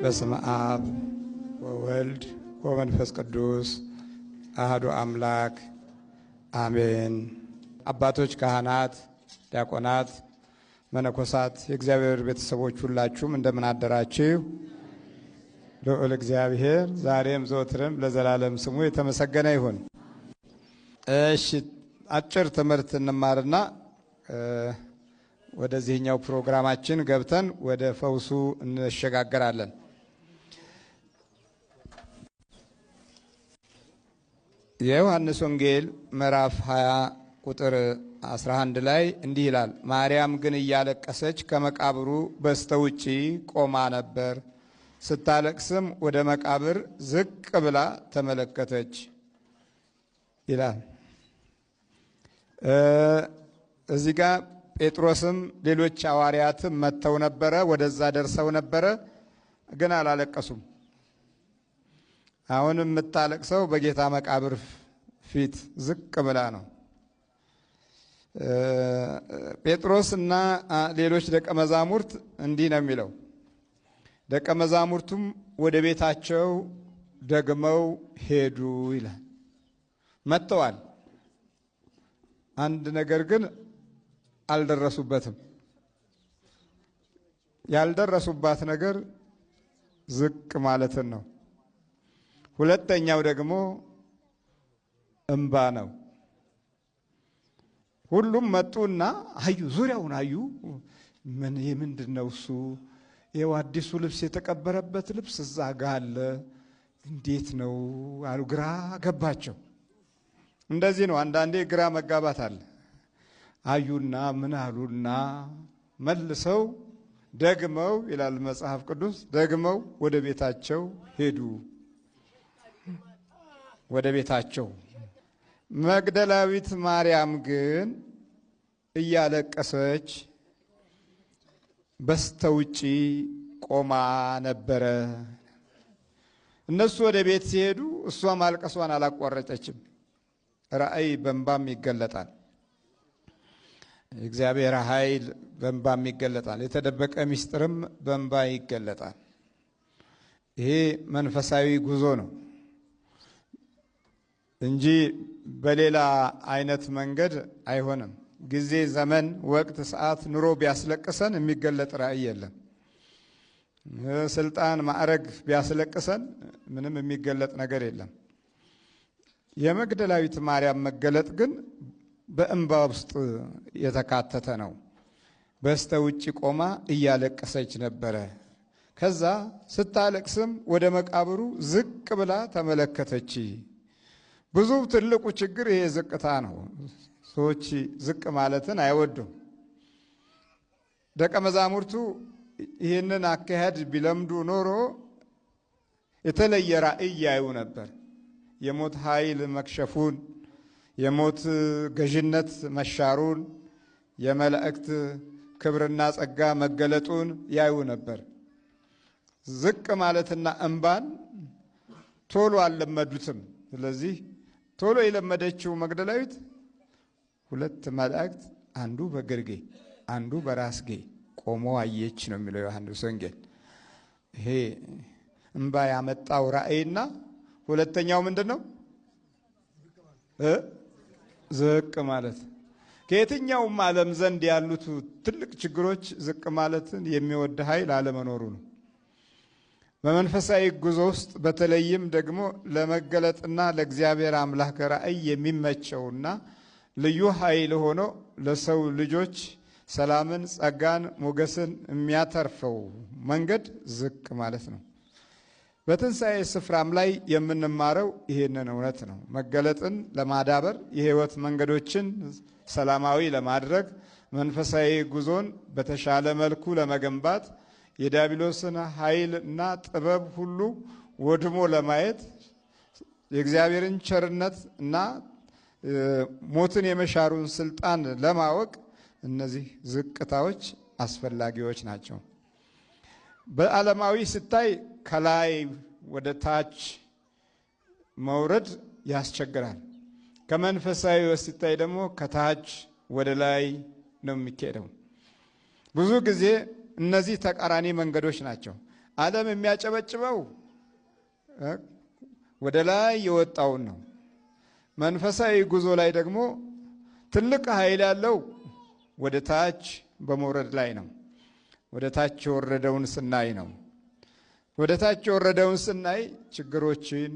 በስመ አብ ወወልድ ወመንፈስ ቅዱስ አህዶ አምላክ አሜን። አባቶች፣ ካህናት፣ ዲያቆናት፣ መነኮሳት፣ የእግዚአብሔር ቤተሰቦች ሁላችሁም እንደምን አደራችሁ? ልዑል እግዚአብሔር ዛሬም ዘወትርም ለዘላለም ስሙ የተመሰገነ ይሁን። እሺ አጭር ትምህርት እንማርና ወደዚህኛው ፕሮግራማችን ገብተን ወደ ፈውሱ እንሸጋገራለን። የዮሐንስ ወንጌል ምዕራፍ 20 ቁጥር 11 ላይ እንዲህ ይላል፣ ማርያም ግን እያለቀሰች ከመቃብሩ በስተ ውጪ ቆማ ነበር። ስታለቅስም ወደ መቃብር ዝቅ ብላ ተመለከተች ይላል። እዚህ ጋ ጴጥሮስም ሌሎች ሐዋርያትም መጥተው ነበረ፣ ወደዛ ደርሰው ነበረ፣ ግን አላለቀሱም። አሁን የምታለቅሰው በጌታ መቃብር ፊት ዝቅ ብላ ነው። ጴጥሮስ እና ሌሎች ደቀ መዛሙርት እንዲህ ነው የሚለው። ደቀ መዛሙርቱም ወደ ቤታቸው ደግመው ሄዱ ይላል። መጥተዋል። አንድ ነገር ግን አልደረሱበትም። ያልደረሱባት ነገር ዝቅ ማለትን ነው። ሁለተኛው ደግሞ እምባ ነው። ሁሉም መጡና አዩ፣ ዙሪያውን አዩ። ምን የምንድን ነው እሱ? ይኸው አዲሱ ልብስ የተቀበረበት ልብስ እዛ ጋ አለ። እንዴት ነው አሉ። ግራ ገባቸው። እንደዚህ ነው አንዳንዴ ግራ መጋባት አለ። አዩና ምን አሉና መልሰው ደግመው ይላል መጽሐፍ ቅዱስ ደግመው ወደ ቤታቸው ሄዱ። ወደ ቤታቸው። መግደላዊት ማርያም ግን እያለቀሰች በስተውጪ ቆማ ነበረ። እነሱ ወደ ቤት ሲሄዱ እሷ ማልቀሷን አላቋረጠችም። ራእይ በንባም ይገለጣል። የእግዚአብሔር ኃይል በንባም ይገለጣል። የተደበቀ ምስጢርም በንባ ይገለጣል። ይሄ መንፈሳዊ ጉዞ ነው። እንጂ በሌላ አይነት መንገድ አይሆንም። ጊዜ፣ ዘመን፣ ወቅት፣ ሰዓት፣ ኑሮ ቢያስለቅሰን የሚገለጥ ራዕይ የለም። ስልጣን፣ ማዕረግ ቢያስለቅሰን ምንም የሚገለጥ ነገር የለም። የመግደላዊት ማርያም መገለጥ ግን በእንባ ውስጥ የተካተተ ነው። በስተ ውጭ ቆማ እያለቀሰች ነበረ። ከዛ ስታለቅስም ወደ መቃብሩ ዝቅ ብላ ተመለከተች። ብዙ ትልቁ ችግር ይሄ ዝቅታ ነው። ሰዎች ዝቅ ማለትን አይወዱም። ደቀ መዛሙርቱ ይህንን አካሄድ ቢለምዱ ኖሮ የተለየ ራእይ ያዩ ነበር። የሞት ኃይል መክሸፉን፣ የሞት ገዥነት መሻሩን፣ የመላእክት ክብርና ጸጋ መገለጡን ያዩ ነበር። ዝቅ ማለትና እንባን ቶሎ አልለመዱትም። ስለዚህ ቶሎ የለመደችው መግደላዊት ሁለት መላእክት አንዱ በግርጌ አንዱ በራስጌ ቆሞ አየች ነው የሚለው ዮሐንስ ወንጌል። ይሄ እምባ ያመጣው ራእይና ሁለተኛው ምንድን ነው? ዝቅ ማለት። ከየትኛውም ዓለም ዘንድ ያሉት ትልቅ ችግሮች ዝቅ ማለትን የሚወድ ኃይል አለመኖሩ ነው። በመንፈሳዊ ጉዞ ውስጥ በተለይም ደግሞ ለመገለጥና ለእግዚአብሔር አምላክ ራእይ የሚመቸውና ልዩ ኃይል ሆኖ ለሰው ልጆች ሰላምን፣ ጸጋን፣ ሞገስን የሚያተርፈው መንገድ ዝቅ ማለት ነው። በትንሣኤ ስፍራም ላይ የምንማረው ይህንን እውነት ነው። መገለጥን ለማዳበር የሕይወት መንገዶችን ሰላማዊ ለማድረግ መንፈሳዊ ጉዞን በተሻለ መልኩ ለመገንባት የዲያብሎስን ኃይል እና ጥበብ ሁሉ ወድሞ ለማየት የእግዚአብሔርን ቸርነት እና ሞትን የመሻሩን ስልጣን ለማወቅ እነዚህ ዝቅታዎች አስፈላጊዎች ናቸው። በዓለማዊ ስታይ ከላይ ወደ ታች መውረድ ያስቸግራል። ከመንፈሳዊ ሲታይ ደግሞ ከታች ወደ ላይ ነው የሚካሄደው ብዙ ጊዜ እነዚህ ተቃራኒ መንገዶች ናቸው። ዓለም የሚያጨበጭበው ወደ ላይ የወጣውን ነው። መንፈሳዊ ጉዞ ላይ ደግሞ ትልቅ ኃይል ያለው ወደ ታች በመውረድ ላይ ነው። ወደ ታች የወረደውን ስናይ ነው። ወደ ታች የወረደውን ስናይ ችግሮችን፣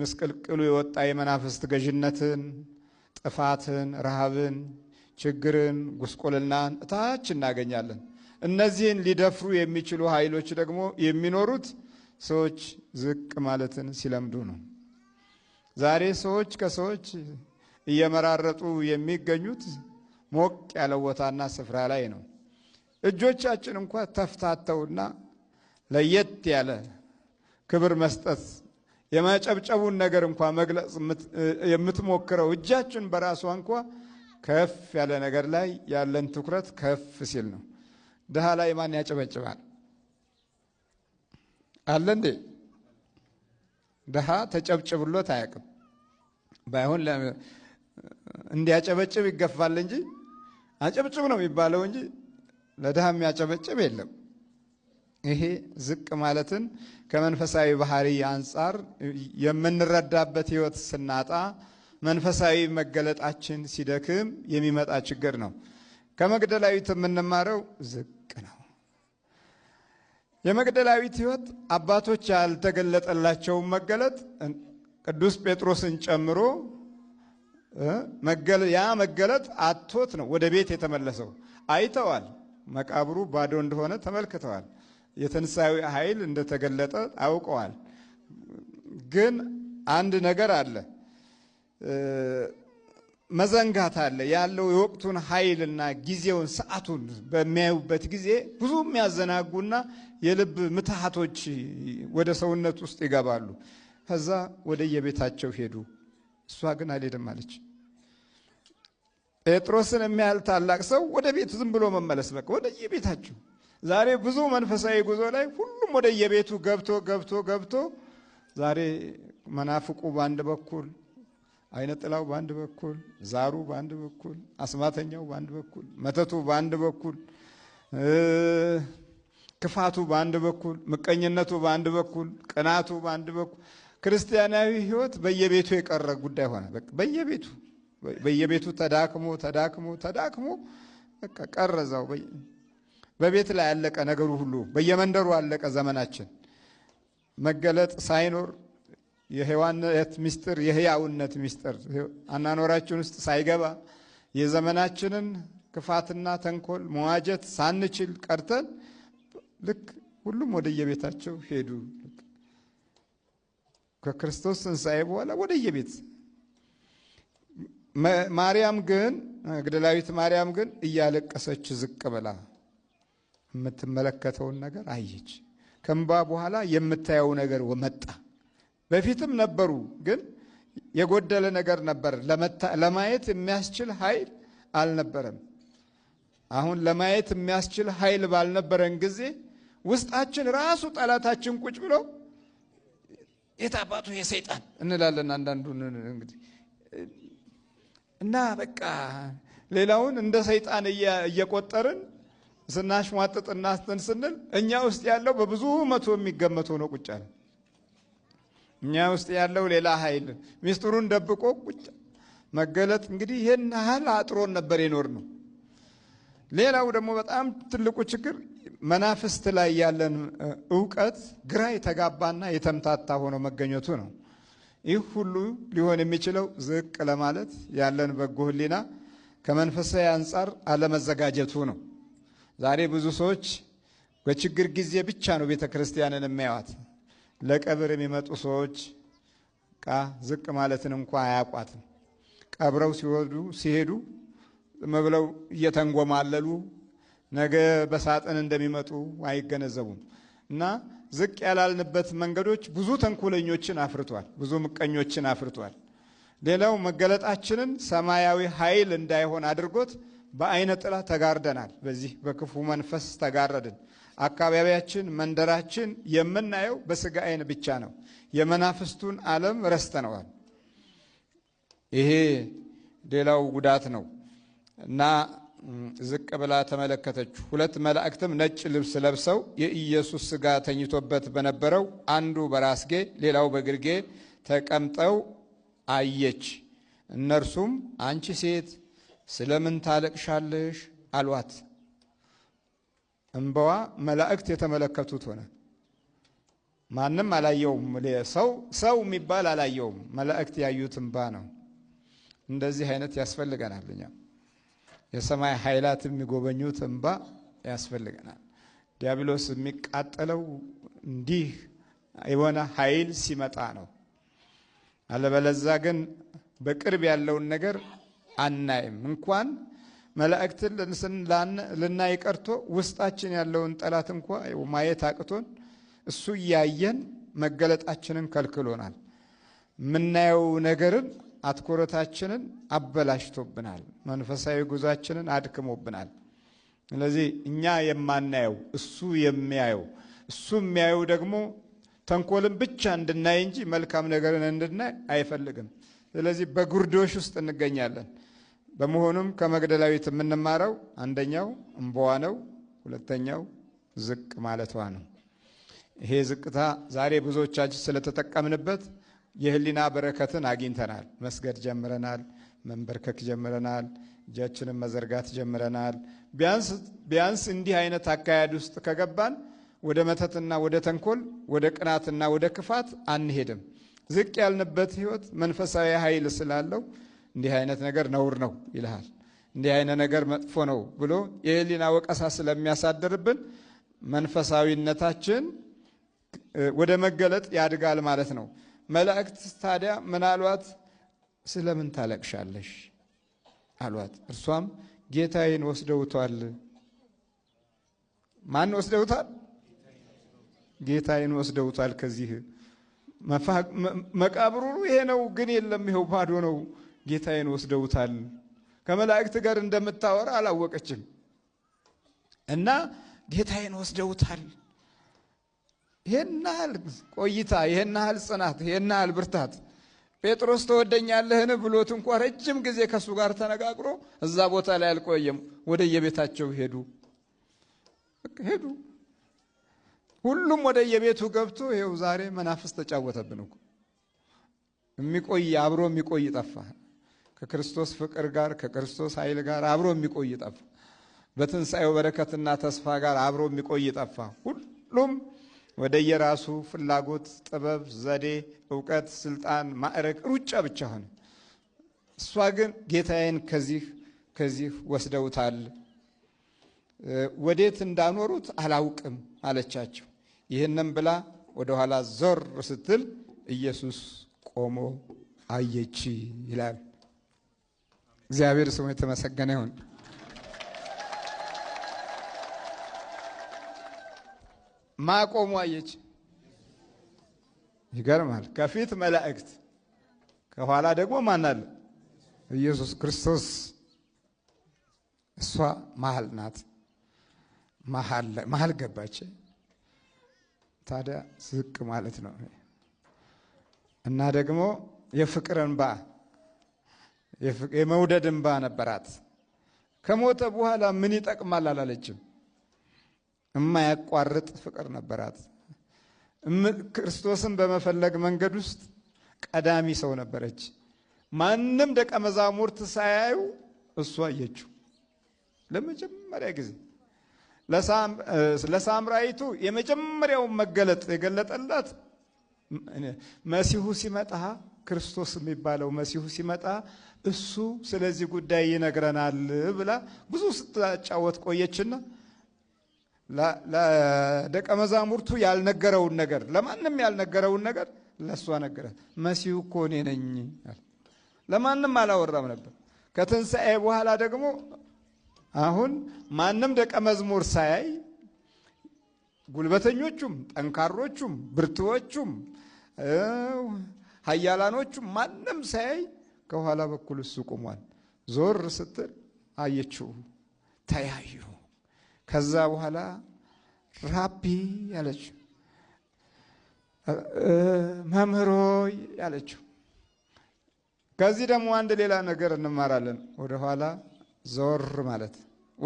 ምስቅልቅሉ የወጣ የመናፍስት ገዥነትን፣ ጥፋትን፣ ረሃብን፣ ችግርን፣ ጉስቁልናን እታች እናገኛለን። እነዚህን ሊደፍሩ የሚችሉ ኃይሎች ደግሞ የሚኖሩት ሰዎች ዝቅ ማለትን ሲለምዱ ነው። ዛሬ ሰዎች ከሰዎች እየመራረጡ የሚገኙት ሞቅ ያለ ቦታና ስፍራ ላይ ነው። እጆቻችን እንኳ ተፍታተውና ለየት ያለ ክብር መስጠት የማጨብጨቡን ነገር እንኳ መግለጽ የምትሞክረው እጃችን በራሷ እንኳ ከፍ ያለ ነገር ላይ ያለን ትኩረት ከፍ ሲል ነው። ድሃ ላይ ማን ያጨበጭባል አለ እንዴ? ድሃ ተጨብጭብሎት አያውቅም። ባይሆን እንዲያጨበጭብ ይገፋል እንጂ አጨብጭብ ነው የሚባለው እንጂ ለድሃ የሚያጨበጭብ የለም። ይሄ ዝቅ ማለትን ከመንፈሳዊ ባህሪ አንጻር የምንረዳበት ህይወት ስናጣ መንፈሳዊ መገለጣችን ሲደክም የሚመጣ ችግር ነው። ከመግደላዊት የምንማረው ዝቅ ድንቅ ነው። የመግደላዊት ሕይወት አባቶች ያልተገለጠላቸውን መገለጥ ቅዱስ ጴጥሮስን ጨምሮ ያ መገለጥ አቶት ነው ወደ ቤት የተመለሰው። አይተዋል፣ መቃብሩ ባዶ እንደሆነ ተመልክተዋል። የትንሣኤ ኃይል እንደተገለጠ አውቀዋል። ግን አንድ ነገር አለ። መዘንጋት አለ። ያለው የወቅቱን ኃይልና ጊዜውን ሰዓቱን በሚያዩበት ጊዜ ብዙ የሚያዘናጉና የልብ ምትሃቶች ወደ ሰውነት ውስጥ ይገባሉ። ከዛ ወደየቤታቸው ሄዱ። እሷ ግን አልሄድም አለች። ጴጥሮስን የሚያህል ታላቅ ሰው ወደ ቤቱ ዝም ብሎ መመለስ በቃ የቤታቸው። ዛሬ ብዙ መንፈሳዊ ጉዞ ላይ ሁሉም ወደየቤቱ ገብቶ ገብቶ ገብቶ ዛሬ መናፍቁ በአንድ በኩል አይነ ጥላው በአንድ በኩል፣ ዛሩ በአንድ በኩል፣ አስማተኛው በአንድ በኩል፣ መተቱ በአንድ በኩል፣ ክፋቱ በአንድ በኩል፣ ምቀኝነቱ በአንድ በኩል፣ ቅናቱ በአንድ በኩል ክርስቲያናዊ ሕይወት በየቤቱ የቀረ ጉዳይ ሆነ። በየቤቱ በየቤቱ ተዳክሞ ተዳክሞ ተዳክሞ በቃ ቀረዛው በቤት ላይ አለቀ ነገሩ ሁሉ። በየመንደሩ አለቀ ዘመናችን መገለጥ ሳይኖር የሔዋነት ምስጢር የህያውነት ምስጢር አናኖራችን ውስጥ ሳይገባ የዘመናችንን ክፋትና ተንኮል መዋጀት ሳንችል ቀርተን ልክ ሁሉም የቤታቸው ሄዱ። ከክርስቶስ ትንሣኤ በኋላ የቤት ማርያም ግን መግደላዊት ማርያም ግን እያለቀሰች ዝቅ ብላ የምትመለከተውን ነገር አየች። ከእንባ በኋላ የምታየው ነገር መጣ። በፊትም ነበሩ፣ ግን የጎደለ ነገር ነበር። ለማየት የሚያስችል ኃይል አልነበረም። አሁን ለማየት የሚያስችል ኃይል ባልነበረን ጊዜ ውስጣችን ራሱ ጠላታችን ቁጭ ብሎ አባቱ የሰይጣን እንላለን። አንዳንዱን እንግዲህ እና በቃ ሌላውን እንደ ሰይጣን እየቆጠርን ስናሽሟጥጥ እናስትን ስንል እኛ ውስጥ ያለው በብዙ መቶ የሚገመት ሆኖ ቁጭ እኛ ውስጥ ያለው ሌላ ኃይል ሚስጥሩን ደብቆ ቁጭ መገለጥ እንግዲህ ይህን ያህል አጥሮን ነበር የኖር ነው። ሌላው ደግሞ በጣም ትልቁ ችግር መናፍስት ላይ ያለን እውቀት ግራ የተጋባና የተምታታ ሆኖ መገኘቱ ነው። ይህ ሁሉ ሊሆን የሚችለው ዝቅ ለማለት ያለን በጎ ሕሊና ከመንፈሳዊ አንጻር አለመዘጋጀቱ ነው። ዛሬ ብዙ ሰዎች በችግር ጊዜ ብቻ ነው ቤተ ክርስቲያንን የሚያዩት። ለቀብር የሚመጡ ሰዎች ቃ ዝቅ ማለትን እንኳ አያቋትም ቀብረው ሲወዱ ሲሄዱ መብለው እየተንጎማለሉ ነገ በሳጥን እንደሚመጡ አይገነዘቡም እና ዝቅ ያላልንበት መንገዶች ብዙ ተንኮለኞችን አፍርቷል፣ ብዙ ምቀኞችን አፍርቷል። ሌላው መገለጣችንን ሰማያዊ ኃይል እንዳይሆን አድርጎት በአይነ ጥላ ተጋርደናል። በዚህ በክፉ መንፈስ ተጋረድን። አካባቢያችን፣ መንደራችን የምናየው በስጋ አይን ብቻ ነው። የመናፍስቱን ዓለም ረስተነዋል። ይሄ ሌላው ጉዳት ነው እና ዝቅ ብላ ተመለከተች። ሁለት መላእክትም ነጭ ልብስ ለብሰው የኢየሱስ ስጋ ተኝቶበት በነበረው አንዱ በራስጌ ሌላው በግርጌ ተቀምጠው አየች። እነርሱም አንቺ ሴት ስለምን ታለቅሻለሽ? አሏት። እንባዋ መላእክት የተመለከቱት ሆነ። ማንም አላየውም። ሰው ሰው የሚባል አላየውም። መላእክት ያዩት እንባ ነው። እንደዚህ አይነት ያስፈልገናል። እኛ የሰማይ ኃይላት የሚጎበኙት እንባ ያስፈልገናል። ዲያብሎስ የሚቃጠለው እንዲህ የሆነ ኃይል ሲመጣ ነው። አለበለዛ ግን በቅርብ ያለውን ነገር አናይም እንኳን መላእክትን ልናይ ቀርቶ ውስጣችን ያለውን ጠላት እንኳ ማየት አቅቶን እሱ እያየን መገለጣችንን ከልክሎናል። የምናየው ነገርን አትኮረታችንን አበላሽቶብናል። መንፈሳዊ ጉዟችንን አድክሞብናል። ስለዚህ እኛ የማናየው እሱ የሚያየው እሱ የሚያየው ደግሞ ተንኮልን ብቻ እንድናይ እንጂ መልካም ነገርን እንድናይ አይፈልግም። ስለዚህ በጉርዶሽ ውስጥ እንገኛለን። በመሆኑም ከመግደላዊት የምንማረው አንደኛው እምቦዋ ነው፣ ሁለተኛው ዝቅ ማለቷ ነው። ይሄ ዝቅታ ዛሬ ብዙዎቻችን ስለተጠቀምንበት የህሊና በረከትን አግኝተናል። መስገድ ጀምረናል፣ መንበርከክ ጀምረናል፣ እጃችንን መዘርጋት ጀምረናል። ቢያንስ እንዲህ አይነት አካሄድ ውስጥ ከገባን ወደ መተትና ወደ ተንኮል፣ ወደ ቅናትና ወደ ክፋት አንሄድም። ዝቅ ያልንበት ህይወት መንፈሳዊ ኃይል ስላለው እንዲህ አይነት ነገር ነውር ነው ይልሃል። እንዲህ አይነት ነገር መጥፎ ነው ብሎ የህሊና ወቀሳ ስለሚያሳድርብን መንፈሳዊነታችን ወደ መገለጥ ያድጋል ማለት ነው። መላእክት ታዲያ ምን አሏት? ስለምን ታለቅሻለሽ አሏት። እርሷም ጌታዬን ወስደውቷል። ማን ወስደውታል? ጌታዬን ወስደውታል። ከዚህ መቃብሩ ይሄ ነው፣ ግን የለም፣ ይኸው ባዶ ነው ጌታዬን ወስደውታል። ከመላእክት ጋር እንደምታወራ አላወቀችም እና ጌታዬን ወስደውታል። ይህን ያህል ቆይታ፣ ይህን ያህል ጽናት፣ ይህን ያህል ብርታት ጴጥሮስ ተወደኛለህን ብሎት እንኳ ረጅም ጊዜ ከእሱ ጋር ተነጋግሮ እዛ ቦታ ላይ አልቆየም። ወደ የቤታቸው ሄዱ ሄዱ። ሁሉም ወደ የቤቱ ገብቶ ይኸው ዛሬ መናፍስ ተጫወተብን እኮ የሚቆይ አብሮ የሚቆይ ጠፋ። ከክርስቶስ ፍቅር ጋር ከክርስቶስ ኃይል ጋር አብሮ የሚቆይ ጠፋ። በትንሣኤው በረከትና ተስፋ ጋር አብሮ የሚቆይ ጠፋ። ሁሉም ወደ የራሱ ፍላጎት፣ ጥበብ፣ ዘዴ፣ እውቀት፣ ስልጣን፣ ማዕረግ፣ ሩጫ ብቻ ሆነ። እሷ ግን ጌታዬን ከዚህ ከዚህ ወስደውታል፣ ወዴት እንዳኖሩት አላውቅም አለቻቸው። ይህንም ብላ ወደኋላ ዞር ስትል ኢየሱስ ቆሞ አየች ይላል። እግዚአብሔር ስሙ የተመሰገነ ይሁን። ማቆሙ አየች። ይገርማል። ከፊት መላእክት ከኋላ ደግሞ ማን አለ? ኢየሱስ ክርስቶስ። እሷ መሀል ናት። መሀል ገባች። ታዲያ ዝቅ ማለት ነው እና ደግሞ የፍቅርን በአ የመውደድ እንባ ነበራት። ከሞተ በኋላ ምን ይጠቅማል አላለችም። የማያቋርጥ ፍቅር ነበራት። ክርስቶስን በመፈለግ መንገድ ውስጥ ቀዳሚ ሰው ነበረች። ማንም ደቀ መዛሙርት ሳያዩ እሱ አየችው ለመጀመሪያ ጊዜ። ለሳምራይቱ የመጀመሪያውን መገለጥ የገለጠላት መሲሁ ሲመጣ ክርስቶስ የሚባለው መሲሁ ሲመጣ እሱ ስለዚህ ጉዳይ ይነግረናል ብላ ብዙ ስታጫወት ቆየችና ለደቀ መዛሙርቱ ያልነገረውን ነገር ለማንም ያልነገረውን ነገር ለእሷ ነገራት። መሲሁ እኮ እኔ ነኝ። ለማንም አላወራም ነበር። ከትንሣኤ በኋላ ደግሞ አሁን ማንም ደቀ መዝሙር ሳያይ ጉልበተኞቹም፣ ጠንካሮቹም፣ ብርቱዎቹም ሀያላኖቹ ማንም ሳያይ ከኋላ በኩል እሱ ቁሟል። ዞር ስትል አየችው፣ ተያዩ። ከዛ በኋላ ራቢ ያለችው መምህሮ ያለችው። ከዚህ ደግሞ አንድ ሌላ ነገር እንማራለን። ወደ ኋላ ዞር ማለት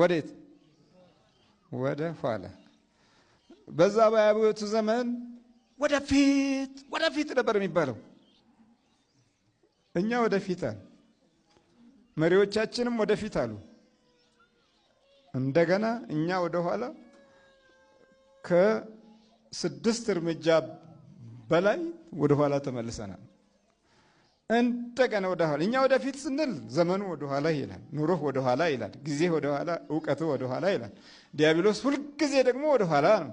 ወዴት? ወደ ኋላ። በዛ በአብዮቱ ዘመን ወደፊት ወደፊት ነበር የሚባለው። እኛ ወደፊት አሉ፣ መሪዎቻችንም ወደፊት አሉ። እንደገና እኛ ወደኋላ ከስድስት እርምጃ በላይ ወደኋላ ተመልሰናል። እንደገና ኋላ እኛ ወደፊት ስንል ዘመኑ ወደኋላ ይላል፣ ኑሮህ ወደኋላ ይላል፣ ጊዜህ ወደኋላ፣ እውቀትህ ወደኋላ ይላል። ዲያብሎስ ሁልጊዜ ደግሞ ወደኋላ ነው።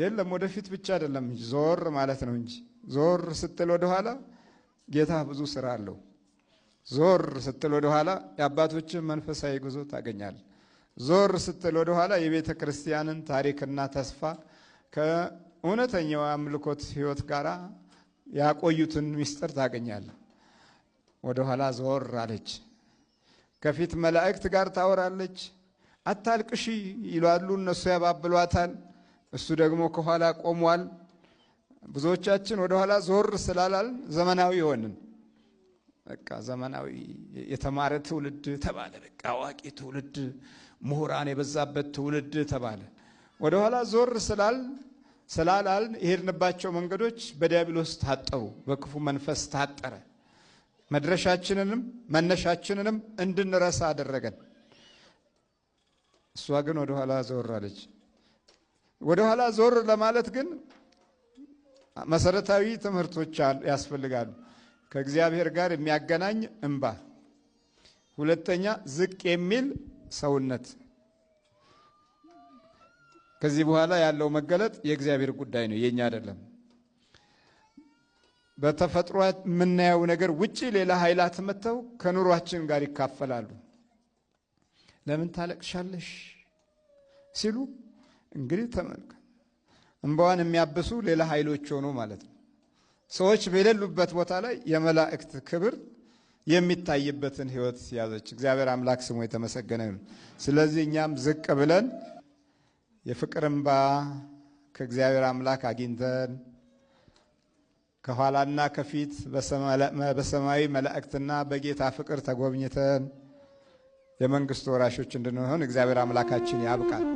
የለም ወደፊት ብቻ አይደለም፣ ዞር ማለት ነው እንጂ ዞር ስትል ወደኋላ ጌታ ብዙ ስራ አለው። ዞር ስትል ወደኋላ የአባቶችን መንፈሳዊ ጉዞ ታገኛል። ዞር ስትል ወደኋላ የቤተ ክርስቲያንን ታሪክና ተስፋ ከእውነተኛው አምልኮት ህይወት ጋር ያቆዩትን ምስጢር ታገኛል። ወደኋላ ዞር አለች። ከፊት መላእክት ጋር ታወራለች። አታልቅሺ ይሏሉ እነሱ ያባብሏታል። እሱ ደግሞ ከኋላ ቆሟል። ብዙዎቻችን ወደኋላ ዞር ስላላል ዘመናዊ ሆንን። በቃ ዘመናዊ የተማረ ትውልድ ተባለ። በቃ አዋቂ ትውልድ፣ ምሁራን የበዛበት ትውልድ ተባለ። ወደኋላ ዞር ስላል ስላላል የሄድንባቸው መንገዶች በዲያብሎስ ታጠሩ፣ በክፉ መንፈስ ታጠረ። መድረሻችንንም መነሻችንንም እንድንረሳ አደረገን። እሷ ግን ወደኋላ ዞር አለች። ወደኋላ ዞር ለማለት ግን መሰረታዊ ትምህርቶች ያስፈልጋሉ። ከእግዚአብሔር ጋር የሚያገናኝ እንባ፣ ሁለተኛ ዝቅ የሚል ሰውነት። ከዚህ በኋላ ያለው መገለጥ የእግዚአብሔር ጉዳይ ነው፣ የእኛ አይደለም። በተፈጥሮ የምናየው ነገር ውጪ ሌላ ኃይላት መጥተው ከኑሯችን ጋር ይካፈላሉ። ለምን ታለቅሻለሽ ሲሉ እንግዲህ ተመልከት እንባዋን የሚያብሱ ሌላ ኃይሎች ሆኑ ማለት ነው። ሰዎች በሌሉበት ቦታ ላይ የመላእክት ክብር የሚታይበትን ህይወት ያዘች። እግዚአብሔር አምላክ ስሙ የተመሰገነ ነው። ስለዚህ እኛም ዝቅ ብለን የፍቅር እንባ ከእግዚአብሔር አምላክ አግኝተን ከኋላና ከፊት በሰማያዊ መላእክትና በጌታ ፍቅር ተጎብኝተን የመንግስቱ ወራሾች እንድንሆን እግዚአብሔር አምላካችን ያብቃል።